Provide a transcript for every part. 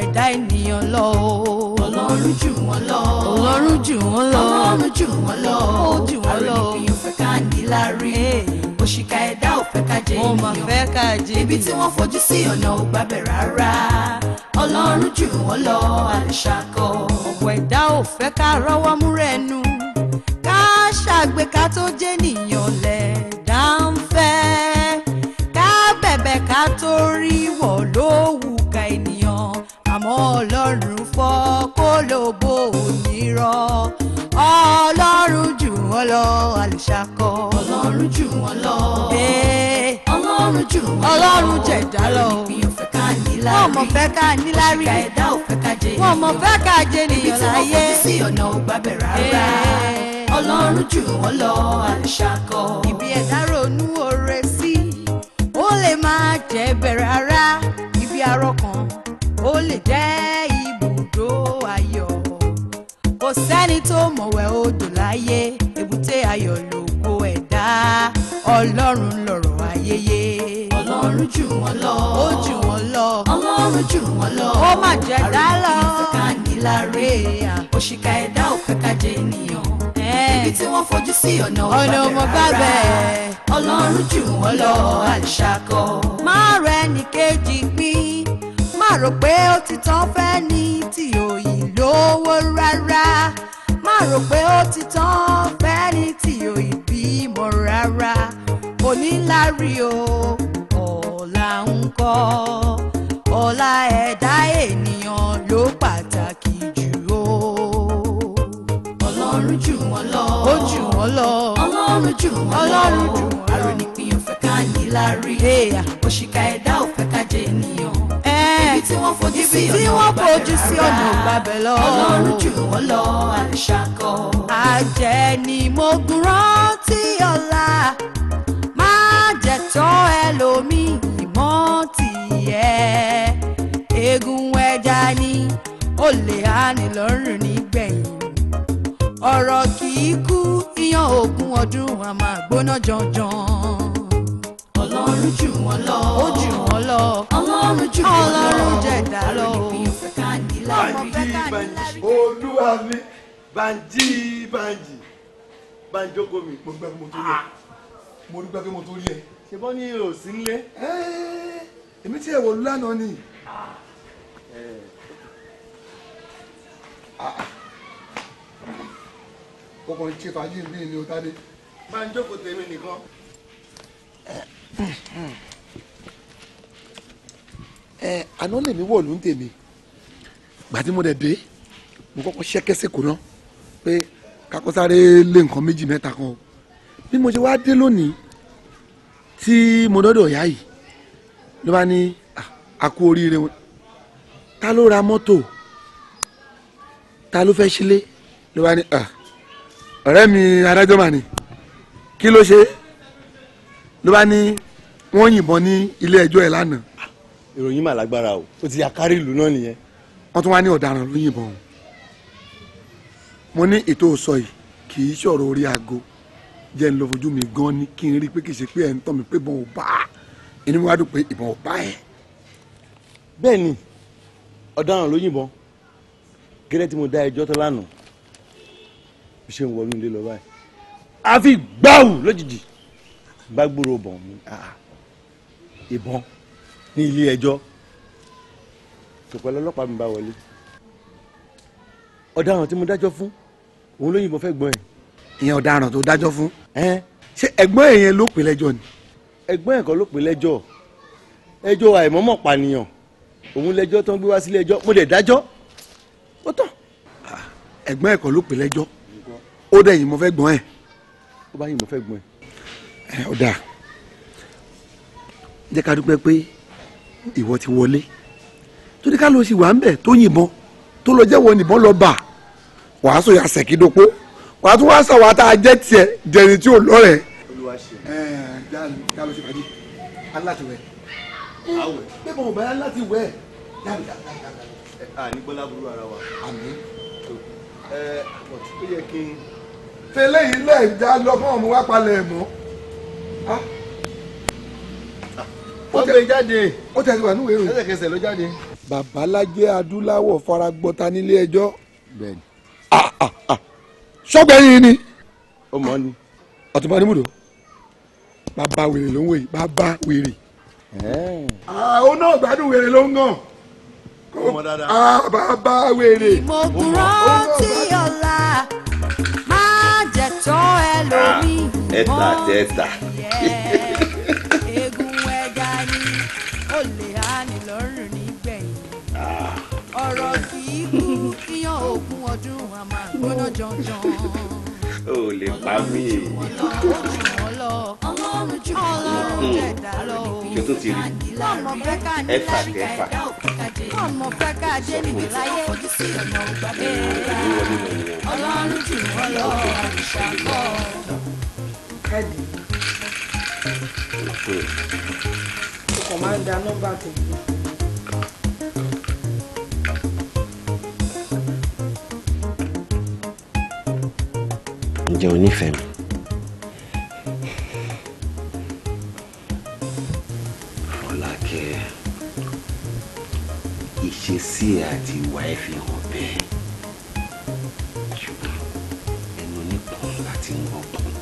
ẹ̀dá ènìyàn lọ o. ọlọ́run jù wọ́n lọ. ọlọ́run jù wọ́n lọ. ọlọ́run jù wọ́n lọ. ó jù wọ́n lọ. àròyìn fẹ́ ká ní láre. òṣìkà ẹ̀dá ò fẹ́ ká jẹ ènìyàn. ó mà fẹ́ ká jẹ ènìyàn. ibi tí wọ́n fojú sí ọ̀nà ò gbàbẹ̀ rárá. ọlọ́run jù wọ́n lọ àlùṣàkọ. ọ̀pọ̀ ẹ̀dá ò fẹ́ ká rọ́wọ́ múrẹ́ ká ṣàgbéká ká tó rí wọ̀ lówó. wọ́n lọ àlùṣàkọ. Eh. ọlọ́run jù wọ́n lọ. ọlọ́run jù wọ́n lọ. ọlọ́run jẹ̀dá lọ. ènìyàn fẹ́ ká ní lárí. wọ́n mọ̀ fẹ́ ká ní lárí. ìgbà ẹ̀dá ò fẹ́ ká jẹ ènìyàn. wọ́n mọ̀ fẹ́ ká jẹ ènìyàn láyé. ibi tí wọ́n fojú sí ọ̀nà ò gbàbẹ̀ rárá. Eh. ọlọ́run jù wọ́n lọ àlùṣàkọ. ìbí ẹ̀dá ronú òru. ọlọ́run lọ̀rọ̀ ayẹyẹ. ọlọ́run jù wọ́n lọ. ó jù wọ́n lọ. ọlọ́run jù wọ́n lọ. ó má jẹ́ dá lọ. àrùn ìfẹ́ ká níláre. òṣìkà ẹ̀dá ò fẹ́ ká jẹ ènìyàn. ibi tí wọ́n fojú sí ọ̀nà ọmọ gbàgbẹ́. ọlọ́run jù wọ́n lọ àlùṣàkọ. má rẹ ní kejì pín má rò pé ó ti tán fẹ́ ní tí òyìn lówó rárá má rò pé ó ti tán fẹ́. òní ńlá rí o ọ̀la ń kọ́ ọ̀la ẹ̀dá ènìyàn ló pàtàkì jù o. ọlọ́run jù wọ́n lọ. ó jù wọ́n lọ. ọlọ́run jù wọ́n lọ. ọlọ́run jù wọ́n lọ. àrònìpín ò fẹ́ ká ní lárí. òṣìkà ẹ̀dá ò ká jẹ ènìyàn eh. ibi tí wọ́n fojú sí ọ̀nà gbàbẹ̀ lọ. ọlọ́run jù wọ́n lọ àṣàkọ. àjẹ́ ni mo gùn rántí ọ̀la tán ẹlòmíì mọ́ tiẹ̀ eegun ẹja ni ó lè hání lọ́rùn nígbẹ̀yìn ọ̀rọ̀ kì í kú iyán ogún ọdún a máa gbóná janjan. ọlọ́run jù wọ́n lọ. ó jù wọ́n lọ. ọlọ́run jù wọ́n lọ. ọlọ́run jẹ̀dá lọ. Banji Banji olúwa mi Banji Banji Banji mi gbogbo ẹgbẹ́ mo tó yẹ. Ah mo dúpẹ́ pé mo tó rí ẹ. ṣe bọ́ ní o sí ń lé. èmi tí ẹ wò lánàá ni. ọkùnrin ah, ah. ṣe fàájì bí ni o tádé. máa ń jókòó tèmi nìkan. ẹ àná lèmi wọ̀lú ń tèmi gbàtí mo dẹ̀ dé mo kọ́kọ́ ṣẹ́kẹ́sẹ̀ kò náà pé kakọ́sáré lé nǹkan méjì mẹ́ta kan o bí mo ṣe wá dé lónìí tí mo dọ́dọ̀ ìyá yìí ló bá ní àkú oríire wọn ta ló ra mọ́tò ta ló fẹ́ sílé ló bá ní ọ̀rẹ́ mi adájọ́ mà ní kí ló ṣe ló bá ní wọ́n yìnbọn ní ilé ẹjọ́ ẹ̀ lánàá. ìròyìn mà lágbára o ó ti àkárí ìlú náà nìyẹn. wọ́n tún wá ní ọ̀daràn ló yìnbọn mo ní ètò sọ yìí kì í ṣọ̀rọ̀ orí aago jẹ́ ń lọ fojú mi gan ni kí n rí pé kì í ṣe pé ẹ̀ ń tọ́ mi pé ìbọn ò bá a inú mi wá dùn pé ìbọn ò bá ẹ̀. bẹ́ẹ̀ ni ọ̀daràn ló yìnbọn gẹ́lẹ́ tí mo dá ẹjọ́ tó lánàá bí ṣe ń wọnú ilé lọ báyìí àfi gbáwù lójijì bá gbúrò bọ̀n mi ìbọn ní ilé ẹjọ́ tòpẹ́lẹ́ ọlọ́pàá mi bá wọlé ọ̀daràn tí mo dájọ́ fún òun ló yìnbọn fẹ́ gbọ́n ẹ̀. ìyẹn ọ̀daràn tó dájọ́ fún ṣé ẹ̀gbọ́n ẹ̀ yẹn ló pè lẹ́jọ́ ni. ẹ̀gbọ́n ẹ̀ kọ́ ló pè lẹ́jọ́ ẹjọ́ àìmọ́mọ́ pànìyàn òun lẹ́jọ́ tó ń gbé wá sílé ẹjọ́ mo dẹ̀ dájọ́ ó tán. Ah, ẹ̀gbọ́n ẹ̀ kọ́ ló pè lẹ́jọ́ ó dẹ̀ yìí mo fẹ́ gbọ́n ẹ̀. ó bá yìí mo fẹ́ gbọ́n ẹ̀. ẹ ọ dáa jẹ́ ká dúpẹ́ pé ìwọ ti wọlé torí ká ló sì wà ń bẹ̀ tó yìnbọn tó lọ jẹ́wọ́ nìbọn lọ bà wàásù yà sẹ̀kídópó wàá tún wá sàwọn tá a tí ò lọ́rẹ̀. olùwà ṣe yìí lẹ̀ ń lọ fún ọmọ wa palẹ̀ mọ́. Ah. ó gbé jáde. ó tẹ̀sí wà níwèé rẹ̀. lẹ́sẹ̀kẹsẹ̀ ló jáde. babalájẹ́ adúláwọ̀ fara gbọ́ta nílé ẹjọ́. bẹ́ẹ̀ni. Ah, ah, sọgbẹ́yìn ni. ó mọ̀ ni. ọ̀túnba nímúdò bàbá wèrè ló ń wèrè bàbá wèrè. àwọn ah, náà gbádùn wèrè ló ń gàn. ó ah, bàbá wèrè. mo kúrò tí ọ̀la máa jẹ̀tọ́ ẹlòmíì. ẹ̀ta àti ẹ̀ta. dandan. o lè pa mí. ọlọ́run jù ọlọ́run jẹ̀dá lọ o. kí o tó ti rí ẹ̀fà tẹ̀fà. ọmọ hmm. fẹ́ ká jẹ́ níbi láyé ojú sí ọ̀nà ògbàgbé rẹ̀. ọlọ́run jù ọlọ́run ṣàkọ́. káàdì ọkọ̀ máa ń da nọ́mbà tẹ̀lé. ǹjẹ́ que nífẹ̀ẹ́ mi. Fọlákẹ́ ìṣesí ẹ àti ìwà ẹ fi hàn bẹ́ẹ̀ ṣùgbọ́n ẹnu onípọn láti ń gbọ́gbọ́n.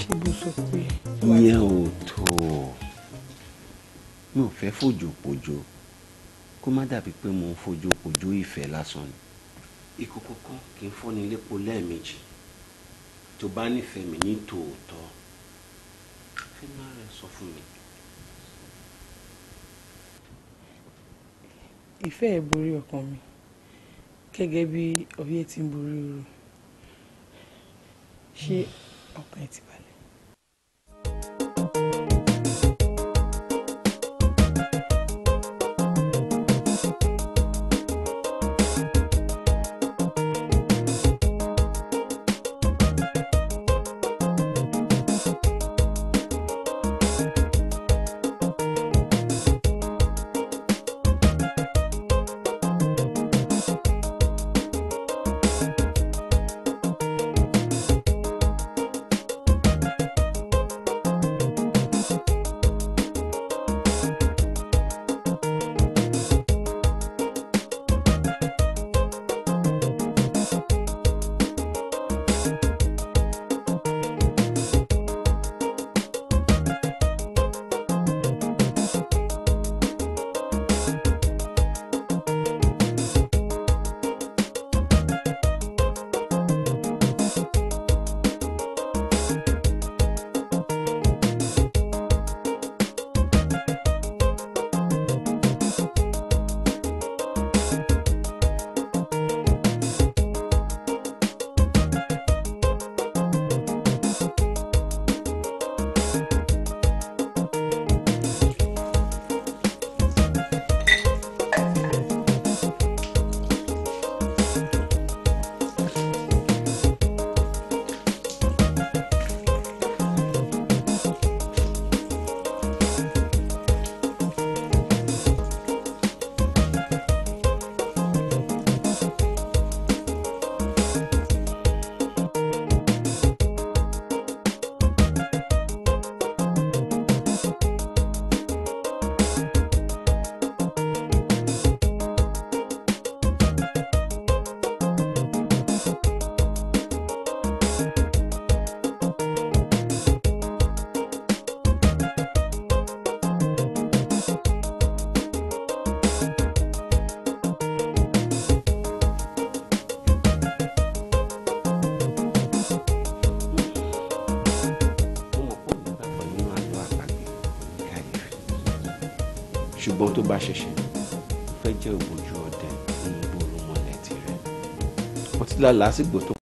ṣé bó sọ pé. ìyẹn ò tó mi ò fẹ́ fojú pojo kó má dàbí pé mo ń pojo ìfẹ́ lásán ni ìkòkò kan kì í fọ́ni lépo lẹ́ẹ̀mejì tó bá nífẹ̀ẹ́ mi ní tòótọ́ fi má rẹ sọ fún mi. ìfẹ́ ẹ̀ borí ọkàn mi gẹ́gẹ́ bí ọyẹ́ ti ń borí ooru ṣé ọkàn ẹ̀ ti ìbọn tó bá ṣẹ̀ṣẹ̀ fẹ́ jẹ́ òbójú ọdẹ ní ìbò olómọlẹ̀ tirẹ̀ ọtí lálàá tó